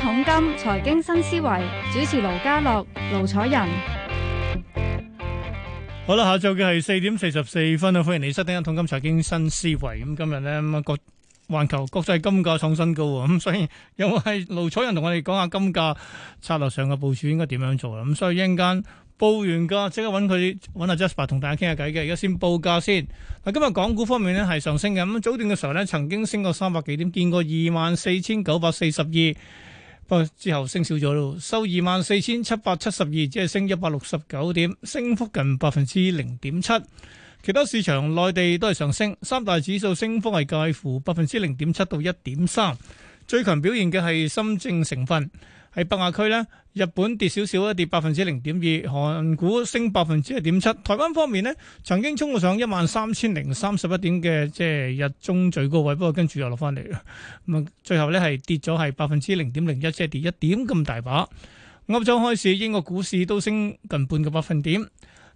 統金財經新思維主持盧家樂、盧楚仁。好啦，下晝嘅係四點四十四分啊。歡迎你收聽《統金財經新思維》，咁今日呢，咁啊，環球國際金價創新高啊，咁所以有冇係盧楚仁同我哋講下金價策略上嘅部署應該點樣做啦？咁所以一陣間報完價即刻揾佢揾阿 Jasper 同大家傾下偈。嘅。而家先報價先嗱，今日港股方面呢，係上升嘅咁早段嘅時候呢，曾經升過三百幾點，見過二萬四千九百四十二。之後升少咗咯，收二萬四千七百七十二，只係升一百六十九點，升幅近百分之零點七。其他市場內地都係上升，三大指數升幅係介乎百分之零點七到一點三，最強表現嘅係深證成分。喺北亞區呢，日本跌少少啊，跌百分之零點二；韓股升百分之一點七。台灣方面咧，曾經衝過上一萬三千零三十一點嘅即係日中最高位，不過跟住又落翻嚟。咁最後呢係跌咗係百分之零點零一，即係跌一點咁大把。歐洲開始，英國股市都升近半個百分點。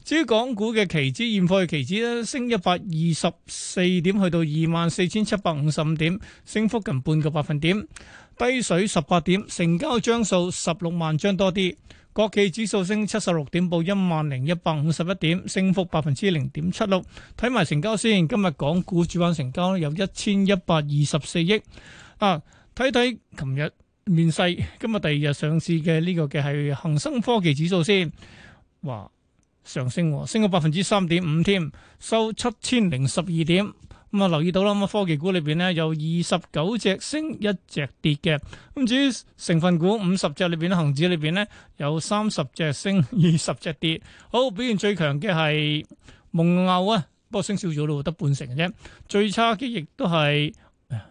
至於港股嘅期指，現貨嘅期指咧，升一百二十四點，去到二萬四千七百五十五點，升幅近半個百分點。低水十八點，成交張數十六萬張多啲。國企指數升七十六點，報一萬零一百五十一點，升幅百分之零點七六。睇埋成交先，今日港股主板成交有一千一百二十四億。啊，睇睇琴日面世，今日第二日上市嘅呢個嘅係恒生科技指數先，話上升，啊，升個百分之三點五添，收七千零十二點。咁啊，留意到啦，咁啊科技股裏邊咧，有二十九隻升，一隻跌嘅。咁至於成分股五十隻裏邊咧，恒指裏邊咧有三十隻升，二十隻跌。好，表現最強嘅係蒙牛啊，不過升少咗咯，得半成嘅啫。最差嘅亦都係誒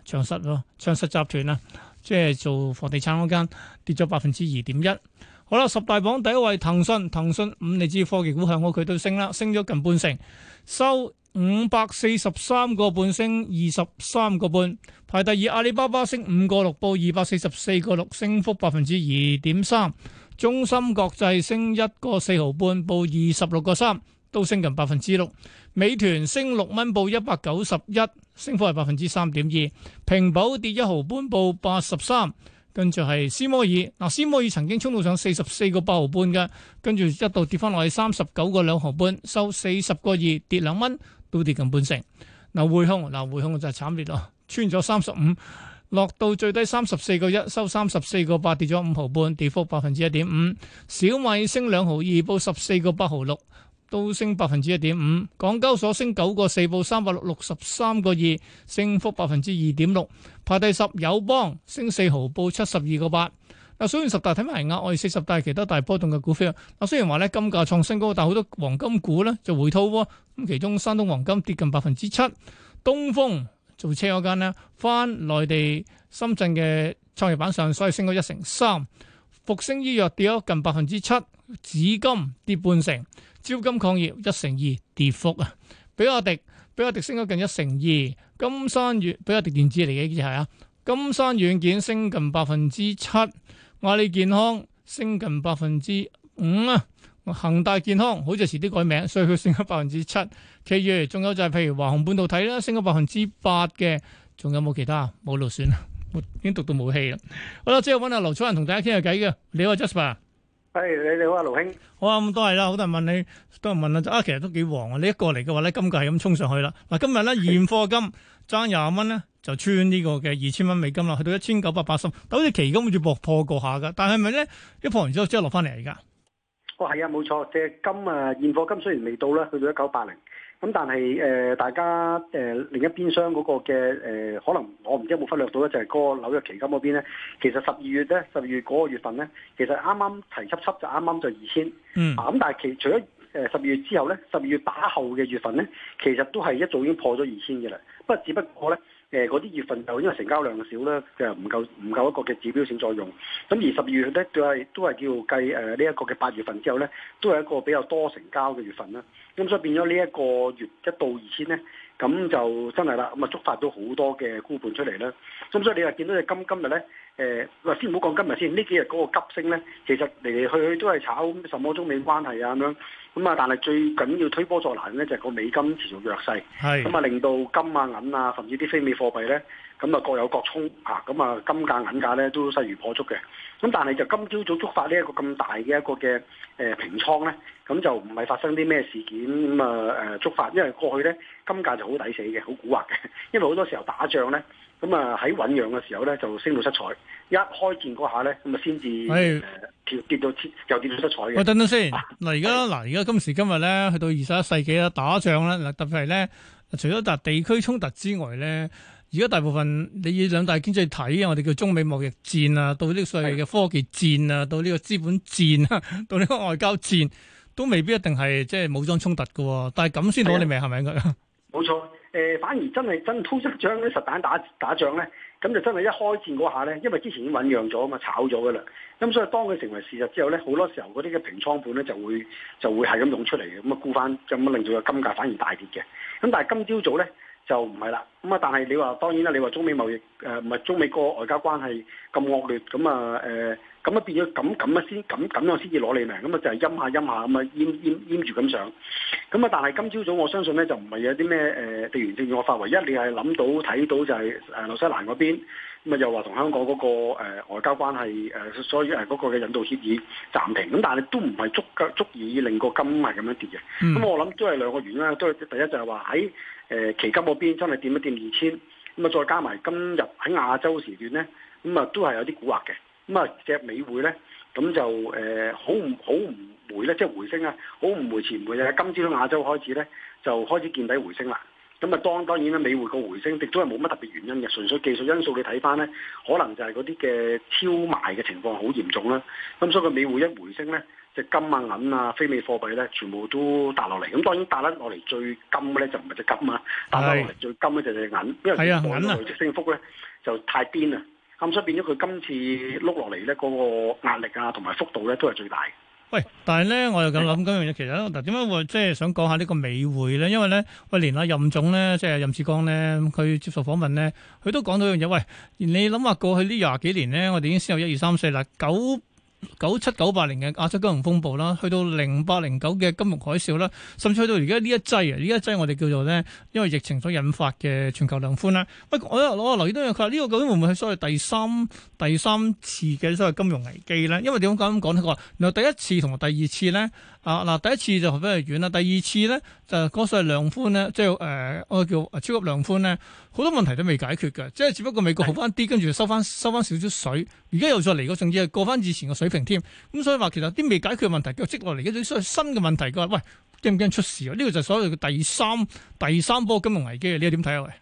長實咯，長實集團啊，即係做房地產嗰間，跌咗百分之二點一。好啦，十大榜第一位騰訊，騰訊五你知科技股向我佢都升啦，升咗近半成，收。五百四十三個半，升二十三個半，排第二。阿里巴巴升五個六，報二百四十四個六，升幅百分之二點三。中芯國際升一個四毫半，報二十六個三，都升近百分之六。美團升六蚊，報一百九十一，升幅係百分之三點二。平保跌一毫半，報八十三。跟住係思摩爾嗱，思摩爾曾經衝到上四十四個八毫半嘅，跟住一度跌翻落去三十九個兩毫半，收四十個二，跌兩蚊。都跌近半成。嗱、啊，匯控嗱、啊、匯控就係慘烈咯，穿咗三十五，落到最低三十四個一，收三十四個八，跌咗五毫半，跌幅百分之一點五。小米升兩毫二，報十四個八毫六，都升百分之一點五。港交所升九個四，報三百六六十三個二，升幅百分之二點六，排第十。友邦升四毫，報七十二個八。啊，雖然十大睇埋係壓，額外四十大其他大波動嘅股票啊。啊，雖然話咧金價創新高，但係好多黃金股咧就回吐喎。咁其中，山東黃金跌近百分之七，東風造車嗰間咧翻內地深圳嘅創業板上，所以升咗一成三。復星醫藥跌咗近百分之七，紫金跌半成，招金礦業一成二跌幅啊。比亞迪比亞迪升咗近一成二，金山軟，比亞迪電子嚟嘅，知係啊？金山軟件升近百分之七。阿里健康升近百分之五啦，恒大健康好似係遲啲改名，所以佢升咗百分之七。其餘仲有就係譬如華虹半導體啦，升咗百分之八嘅。仲有冇其他？冇就算啦，我已經讀到冇氣啦。好啦，即係揾阿盧楚仁同大家傾下偈嘅，你好，Jasper。Jas 係，hey, 你你好，好啊，盧、嗯、兄。好啊，咁都係啦，好多人問你，多人問啊，啊，其實都幾黃啊。一個呢一過嚟嘅話咧，金價係咁衝上去啦。嗱、啊，今日咧現貨金爭廿蚊咧，就穿呢個嘅二千蚊美金啦，去到一千九百八十。但好似期金好似破破過下噶，但係咪咧？一破完之後即刻落翻嚟而家。哦，係啊，冇錯，即係金啊，現貨金雖然未到啦，去到一九八零。咁但係誒、呃，大家誒、呃、另一邊廂嗰個嘅誒、呃，可能我唔知有冇忽略到咧，就係、是、嗰個紐約期金嗰邊咧，其實十二月咧，十二月嗰個月份咧，其實啱啱齊輯輯就啱啱就二千，嗯，咁，但係其除咗誒十二月之後咧，十二月打後嘅月份咧，其實都係一早已經破咗二千嘅啦，不過，只不過咧。誒嗰啲月份就因為成交量少啦，就唔夠唔夠一個嘅指標性作用。咁而十二月咧，就係都係叫計誒呢一個嘅八月份之後咧，都係一個比較多成交嘅月份啦。咁所以變咗呢一個月一到二千咧，咁就真係啦，咁啊觸發到好多嘅沽盤出嚟啦。咁所以你又見到你今呢、呃、今日咧，誒，嗱先唔好講今日先，呢幾日嗰個急升咧，其實嚟嚟去去都係炒什麼中美關係啊咁樣。咁啊！但係最緊要推波助瀾咧，就係個美金持續弱勢，咁啊、嗯、令到金啊銀啊，甚至啲非美貨幣咧，咁啊各有各衝吓，咁啊金價銀價咧都勢如破竹嘅。咁、嗯、但係就今朝早觸發呢一個咁大嘅一個嘅誒平倉咧，咁、嗯、就唔係發生啲咩事件咁啊誒觸發，因為過去咧金價就好抵死嘅，好蠱惑嘅，因為好多時候打仗咧。咁啊喺醖釀嘅時候咧，就升到七彩；一開戰嗰下咧，咁啊先至跌跌到，跌到又跌到七彩嘅。喂、哎，等等先，嗱而家嗱而家今時今日咧，去到二十一世紀啦，打仗咧，嗱特別係咧，除咗笪地區衝突之外咧，而家大部分你以兩大經濟體啊，我哋叫中美貿易戰啊，到呢個世紀嘅科技戰啊，到呢個資本戰啊，到呢個外交戰，都未必一定係即係武裝衝突嘅喎。但係咁先攞你命係咪應該？冇的錯。誒、呃、反而真係真推出槍啲實彈打打仗咧，咁就真係一開戰嗰下咧，因為之前已經醞釀咗啊嘛，炒咗噶啦，咁所以當佢成為事實之後咧，好多時候嗰啲嘅平倉盤咧就會就會係咁湧出嚟嘅，咁啊沽翻，咁啊令到個金價反而大跌嘅，咁但係今朝早咧。就唔係啦，咁啊！但係你話當然啦，你話中美貿易誒唔係中美個外交關係咁惡劣，咁啊誒，咁、呃、啊變咗咁咁啊先咁咁樣先至攞你命，咁、嗯、啊就係、是、陰下陰下咁啊陰陰陰住咁上，咁啊！但係今朝早我相信咧就唔係有啲咩誒地緣政治惡化為一你，你係諗到睇到就係誒紐西蘭嗰邊。咁啊又話同香港嗰、那個、呃、外交關係誒、呃，所以誒嗰個嘅引渡協議暫停，咁但係都唔係足夠足以令個金幣咁樣跌嘅。咁、 嗯、我諗都係兩個原因，都係第一就係話喺誒期金嗰邊真係掂一掂，二千，咁、嗯、啊再加埋今日喺亞洲時段咧，咁、嗯、啊都係有啲蠱惑嘅。咁啊隻美匯咧，咁就誒好唔好唔回咧，即係回升咧、啊，好唔回前唔回嘅。今朝喺亞洲開始咧，就開始見底回升啦。咁啊，當當然咧，美匯個回升亦都係冇乜特別原因嘅，純粹技術因素。你睇翻咧，可能就係嗰啲嘅超賣嘅情況好嚴重啦。咁所以個美匯一回升咧，即金啊銀啊非美貨幣咧，全部都打落嚟。咁當然打得落嚟最金咧就唔係隻金啊，打得落嚟最金咧就隻銀，的因為銀嘅累升幅咧就太癲啦。咁的了所以變咗佢今次碌落嚟咧，嗰個壓力啊同埋幅度咧都係最大。喂，但係咧，我又咁諗嗰樣嘢，其實嗱，點解會即係想講下呢個美匯咧？因為咧，喂，連阿任總咧，即係任志剛咧，佢接受訪問咧，佢都講到樣嘢。喂，你諗下過去呢廿幾年咧，我哋已經先有一二三四啦，九。九七九八年嘅亞洲金融風暴啦，去到零八零九嘅金融海嘯啦，甚至去到而家呢一劑啊，呢一劑我哋叫做咧，因為疫情所引發嘅全球量寬啦。喂，我有攞啊，留意到又佢話呢個究竟會唔會係所謂第三第三次嘅所謂金融危機咧？因為點解咁講咧？佢話，原來，第一次同第二次咧。啊！嗱，第一次就非常遠啦。第二次咧就嗰個所謂量寬咧，即係誒、呃，我叫超級量寬咧，好多問題都未解決嘅，即係只不過美國好翻啲，跟住收翻收翻少少水，而家又再嚟個甚至係過翻以前嘅水平添。咁所以話其實啲未解決嘅問題，佢積落嚟嘅新嘅問題，佢話喂，驚唔驚出事啊？呢、這個就係所謂嘅第三第三波金融危機啊！你又點睇啊？喂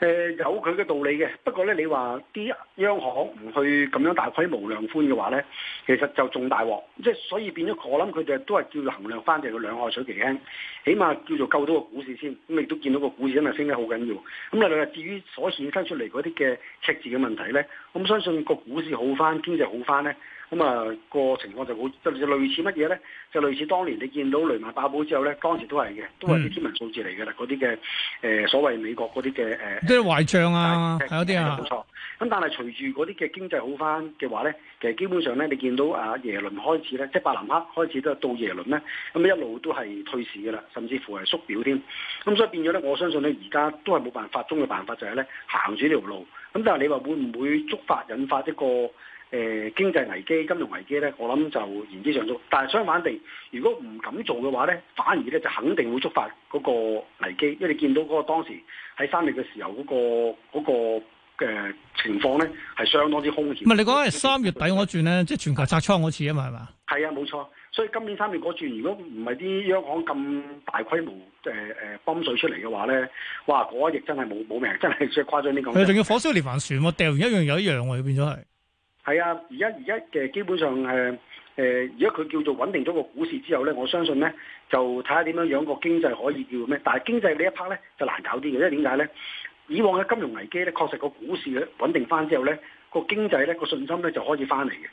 誒、呃、有佢嘅道理嘅，不過咧，你話啲央行唔去咁樣大規模量寬嘅話咧，其實就仲大鑊，即係所以變咗，我諗佢哋都係叫，叫做衡量翻，就係個兩岸水期輕，起碼叫做救到個股市先，咁亦都見到個股市真係升得好緊要。咁另外，至於所衍生出嚟嗰啲嘅赤字嘅問題咧，我唔相信個股市好翻，經濟好翻咧。咁啊、嗯、個情況就好就類似乜嘢咧？就類似當年你見到雷曼爆煲之後咧，當時都係嘅，都係啲天文數字嚟嘅啦，嗰啲嘅誒所謂美國嗰啲嘅誒，啲、呃、壞帳啊，有啲啊，冇錯。咁但係隨住嗰啲嘅經濟好返嘅話咧，其實基本上咧，你見到啊耶倫開始咧，即係白藍克開始都係到耶倫咧，咁一路都係退市嘅啦，甚至乎係縮表添。咁所以變咗咧，我相信咧，而家都係冇辦法，中嘅辦法就係咧行住呢條路。咁但係你話會唔會觸發引發一個誒、呃、經濟危機、金融危機咧，我諗就言之尚早。但係相反地，如果唔敢做嘅話咧，反而咧就肯定會觸發嗰個危機，因為你見到嗰個當時喺三月嘅時候嗰、嗰個嘅、嗰個呃、情況咧，係相當之兇險。唔係你講係三月底嗰轉咧，即係全球拆倉嗰次啊嘛，係嘛？係啊，冇錯。所以今年三月嗰轉，如果唔係啲央行咁大規模誒誒泵水出嚟嘅話咧，哇！嗰一日真係冇冇命，真係最誇張啲講。佢仲、嗯、是要火燒連環船、啊，掉完一樣又一樣喎、啊，變咗係。係啊，而家而家嘅基本上誒誒，而家佢叫做穩定咗個股市之後咧，我相信咧就睇下點樣樣個經濟可以叫咩。但係經濟呢一 part 咧就難搞啲嘅，因為點解咧？以往嘅金融危機咧，確實個股市咧穩定翻之後咧，個經濟咧個信心咧就可以翻嚟嘅。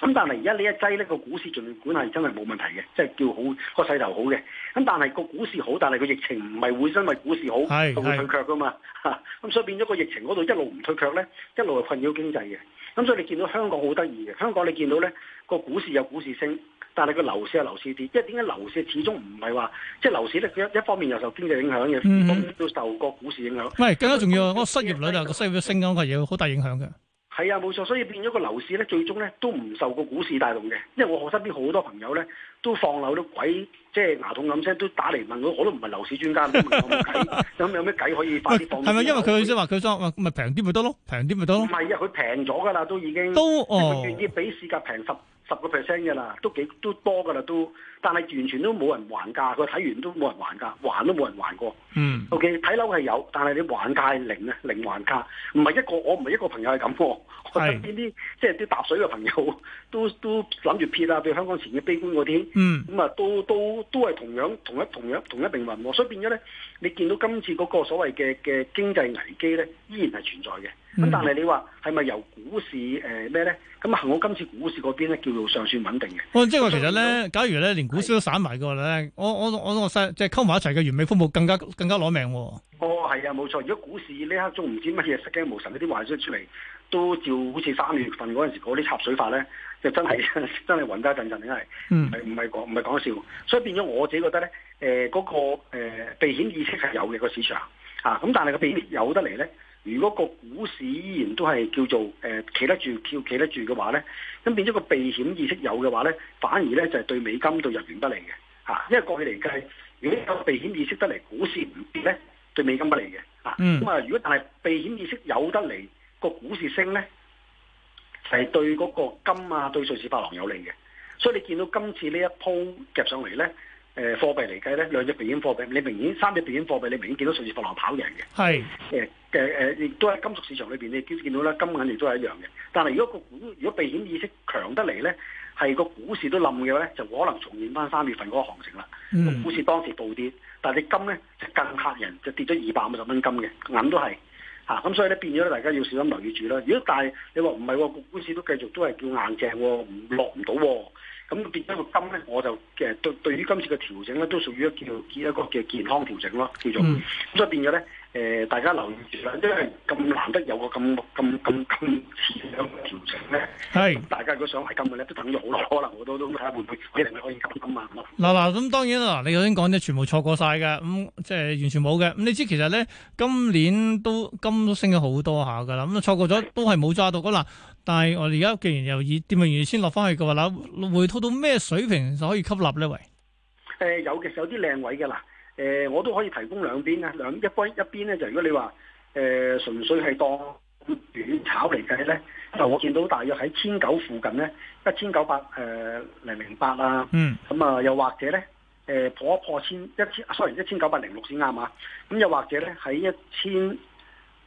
咁但係而家呢一劑呢、個股市儘管係真係冇問題嘅，即係叫好個勢頭好嘅。咁但係個股市好，但係個疫情唔係會因為股市好就會退卻噶嘛？嚇！咁、嗯、所以變咗個疫情嗰度一路唔退卻咧，一路係困擾經濟嘅。咁所以你見到香港好得意嘅，香港你見到咧，個股市有股市升，但係個樓市係樓市跌。因為點解樓市始終唔係話即係樓市咧？一一方面又受經濟影響嘅，都受個股市影響。唔係更加重要，個失業率啊，個失業率，失業率升緊，個嘢、嗯，好大影響嘅。係啊，冇錯，所以變咗個樓市咧，最終咧都唔受個股市帶動嘅，因為我我身邊好多朋友咧都放漏咗鬼，即係牙痛咁聲都打嚟問我，我都唔係樓市專家，咁有咩計？咁 有咩計可以快啲放？係咪 因為佢意思話佢想話咪平啲咪得咯？平啲咪得咯？唔係、啊，因為佢平咗㗎啦，都已經都願、哦、意比市價平十十個 percent 㗎啦，都幾都多㗎啦都。都但係完全都冇人還價，佢睇完都冇人還價，還都冇人還過。嗯，O.K. 睇樓係有，但係你還價係零啊，零還價，唔係一個，我唔係一個朋友係咁。我身邊啲即係啲搭水嘅朋友都都諗住撇啦，譬如香港前嘅悲觀嗰啲。嗯，咁啊都都都係同樣同一同樣同一命運，所以變咗咧，你見到今次嗰個所謂嘅嘅經濟危機咧，依然係存在嘅。咁但係你話係咪由股市誒咩咧？咁啊，我今次股市嗰邊咧叫做尚算穩定嘅。即係我其實咧，假如咧連股市都散埋嘅咧，我我我我即係溝埋一齊嘅完美風暴，更加更加攞命喎。哦，係啊，冇錯。如果股市呢刻仲唔知乜嘢，失驚無神嗰啲壞消息出嚟，都照好似三月份嗰陣時嗰啲插水法咧，就真係真係暈低陣陣，真係，唔係唔係講唔係講笑。所以變咗我自己覺得咧，誒、呃、嗰、嗰個避險意識係有嘅、個市場，嚇、啊、咁，但係個避險有得嚟咧。如果個股市依然都係叫做誒企、呃、得住，叫企得住嘅話咧，咁變咗個避險意識有嘅話咧，反而咧就係、是、對美金對日元不利嘅嚇。因為過去嚟計，如果有避險意識得嚟，股市唔跌咧，對美金不利嘅嚇。咁啊，如果但係避險意識有得嚟，個股市升咧，係對嗰個金啊，對瑞士法郎有利嘅。所以你見到今次呢一鋪夾上嚟咧，誒、呃、貨幣嚟計咧，兩隻避險貨幣，你明顯三隻避險貨幣，你明顯見到瑞士法郎跑贏嘅係誒。的嘅誒，亦、呃、都喺金屬市場裏邊，你見見到啦，金銀亦都係一樣嘅。但係如果個股，如果避險意識強得嚟咧，係個股市都冧嘅咧，就可能重現翻三月份嗰個行情啦。個、嗯、股市當時暴跌，但係你金咧就更嚇人，就跌咗二百五十蚊金嘅銀都係嚇。咁、啊、所以咧變咗，大家要小心留意住啦。如果但係你話唔係喎，個、哦、股市都繼續都係叫硬淨喎、哦，唔落唔到喎。咁變咗個金咧，我就誒對對於今次嘅調整咧，都屬於一條一個叫健康調整咯，叫做咁。嗯、所以變咗咧。誒，大家留意住啦，因為咁難得有個咁咁咁咁似嘅調整咧。係， 大家如果想買金嘅咧，都等咗好耐，可能我都都睇下會唔會可能可以咁慢啊？嗱嗱， 咁當然啦，你頭先講咧，全部錯過晒嘅，咁、嗯、即係完全冇嘅。咁你知其實咧，今年都金都升咗好多下㗎啦，咁錯過咗都係冇揸到。嗱，但係我哋而家既然又以跌原先落翻去嘅話，嗱，回吐到咩水平就可以吸納呢？喂，誒，有嘅，有啲靚位嘅嗱。誒，我都可以提供兩邊咧，兩一方一邊咧，就如果你話誒純粹係當短炒嚟計咧，就我見到大約喺千九附近咧、呃啊，一千九百誒零零八啊，嗯、啊，咁啊又或者咧，誒破一破千一千，sorry 一千九百零六先啱啊，咁又或者咧喺一千，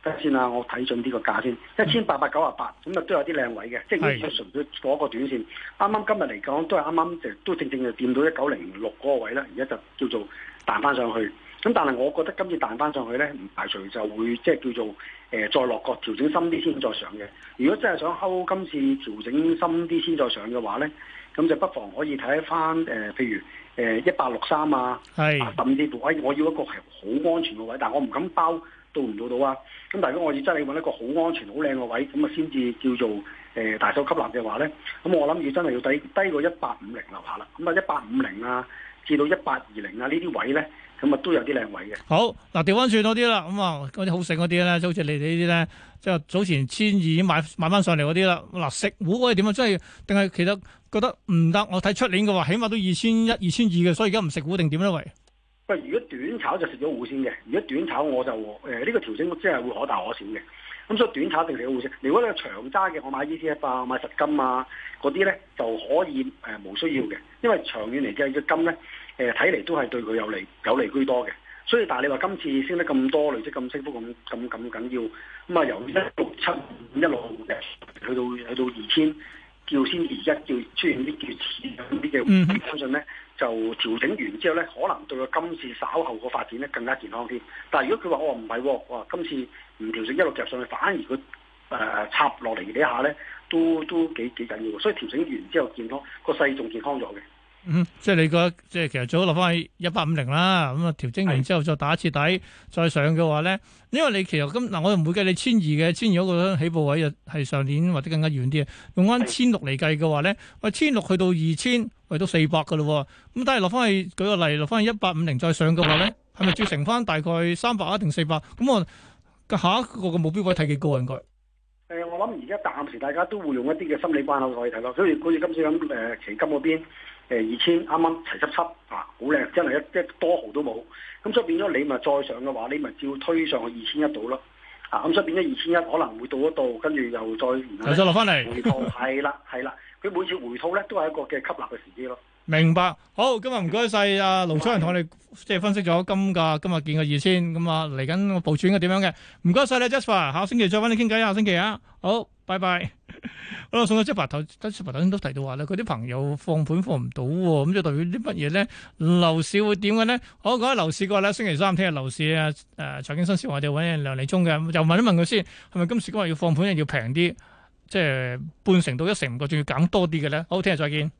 睇先啊，我睇準啲個價先，一千八百九十八，咁啊都有啲靚位嘅，即係亦都純粹嗰個短線，啱啱今日嚟講都係啱啱，就都正正係掂到一九零六嗰個位啦，而家就叫做。彈翻上去，咁但係我覺得今次彈翻上去咧，唔排除就會即係叫做誒、呃、再落角調整深啲先再上嘅。如果真係想溝今次調整深啲先再上嘅話咧，咁就不妨可以睇一翻誒，譬如誒一八六三啊，係十二點半。我要一個係好安全嘅位，但係我唔敢包到唔做到啊。咁但係如果我要真係揾一個好安全、好靚嘅位，咁啊先至叫做誒、呃、大手吸納嘅話咧，咁我諗要真係要低低過一八五零樓下啦。咁啊一八五零啊。至到一八二零啊！呢啲位咧，咁啊都有啲靚位嘅。好嗱，調翻轉多啲啦，咁啊嗰啲好食嗰啲咧，就好似你哋呢啲咧，即係早前千二已經買買翻上嚟嗰啲啦。嗱，食糊嗰啲點啊？即係定係其實覺得唔得？我睇出年嘅話，起碼都二千一、二千二嘅，所以而家唔食糊定點咧？喂？喂，如果短炒就食咗糊先嘅。如果短炒我就誒呢、呃呢個調整真係會可大可小嘅。咁所以短炒一定嚟好啲。如果你長揸嘅，我買 E T F 啊，買實金啊，嗰啲咧就可以誒無需要嘅，因為長遠嚟計，嘅金咧誒睇嚟都係對佢有利有利居多嘅。所以但係你話今次升得咁多，累積咁升幅咁咁咁緊要，咁啊由一六七五一六去到去到二千，叫先二一叫出現啲叫市啲嘅回調咧。就調整完之後咧，可能對個今次稍後個發展咧更加健康啲。但係如果佢話我話唔係喎，話、哦哦、今次唔調整一路夾上去，反而佢誒、呃、插落嚟呢下咧，都都幾幾緊要。所以調整完之後見到個勢仲健康咗嘅。嗯，即係你覺得，即係其實早落翻去一八五零啦，咁啊調整完之後再打一次底的再上嘅話咧，因為你其實咁嗱，我唔會計你千二嘅，千二嗰個起步位係上年或者更加遠啲啊。用翻千六嚟計嘅話咧，我千六去到二千，係都四百噶咯。咁但係落翻去，舉個例落翻去一八五零再上嘅話咧，係咪要乘翻大概三百啊定四百？咁我下一個嘅目標位睇幾高啊？應該誒，我諗而家暫時大家都會用一啲嘅心理關口可以睇咯。所以好似今次咁誒，期金邊。誒，二千啱啱齊濕濕啊，好靚，真係一一多毫都冇，咁、嗯所，啊嗯、所以變咗你咪再上嘅話，你咪照推上去二千一度咯，啊，咁所以變咗二千一可能會到一度，跟住又再再落翻嚟回吐頭，係啦係啦，佢每次回吐咧都係一個嘅吸納嘅時機咯。明白，好，今日唔該晒阿盧楚仁同我哋即係分析咗金價今日見嘅二千，咁啊嚟緊個部署應該點樣嘅，唔該晒你 Jasper 下星期再搵你傾偈下星期啊，好。拜拜，bye bye. 好啦，送咗隻白頭，白頭先都提到話咧，佢啲朋友放盤放唔到，咁就代表啲乜嘢咧？樓市會點嘅咧？我講下樓市嘅話咧，星期三聽日樓市啊，誒、呃、財經新事我哋揾梁利忠嘅，就問一問佢先，係咪今時今日要放盤要平啲，即係半成到一成個，仲要減多啲嘅咧？好，聽日再見。